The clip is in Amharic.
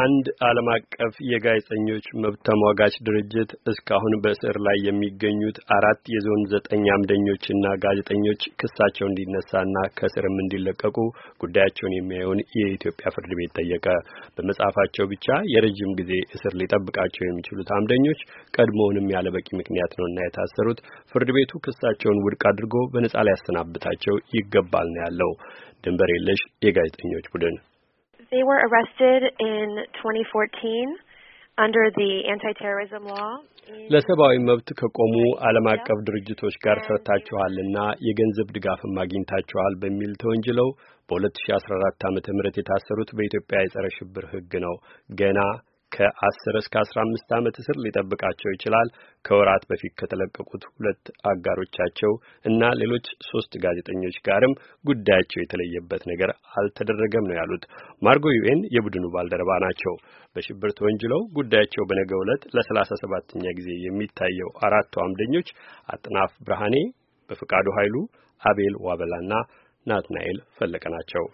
አንድ ዓለም አቀፍ የጋዜጠኞች መብት ተሟጋች ድርጅት እስካሁን በእስር ላይ የሚገኙት አራት የዞን ዘጠኝ አምደኞችና ጋዜጠኞች ክሳቸው እንዲነሳና ከእስርም እንዲለቀቁ ጉዳያቸውን የሚያየውን የኢትዮጵያ ፍርድ ቤት ጠየቀ። በመጽሐፋቸው ብቻ የረዥም ጊዜ እስር ሊጠብቃቸው የሚችሉት አምደኞች ቀድሞውንም ያለ በቂ ምክንያት ነውና የታሰሩት ፍርድ ቤቱ ክሳቸውን ውድቅ አድርጎ በነጻ ሊያሰናብታቸው ይገባል ነው ያለው ድንበር የለሽ የጋዜጠኞች ቡድን They were arrested in 2014 under the anti-terrorism law. ለሰብአዊ መብት ከቆሙ ዓለም አቀፍ ድርጅቶች ጋር ሰርታችኋልና የገንዘብ ድጋፍም አግኝታችኋል በሚል ተወንጅለው በ2014 ዓ.ም የታሰሩት በኢትዮጵያ የጸረ ሽብር ሕግ ነው ገና ከአስር እስከ አስራ አምስት ዓመት እስር ሊጠብቃቸው ይችላል። ከወራት በፊት ከተለቀቁት ሁለት አጋሮቻቸው እና ሌሎች ሶስት ጋዜጠኞች ጋርም ጉዳያቸው የተለየበት ነገር አልተደረገም ነው ያሉት። ማርጎ ዩኤን የቡድኑ ባልደረባ ናቸው። በሽብር ተወንጅለው ጉዳያቸው በነገው ዕለት ለሰላሳ ሰባተኛ ጊዜ የሚታየው አራቱ አምደኞች አጥናፍ ብርሃኔ፣ በፍቃዱ ኃይሉ፣ አቤል ዋበላና ናትናኤል ፈለቀ ናቸው።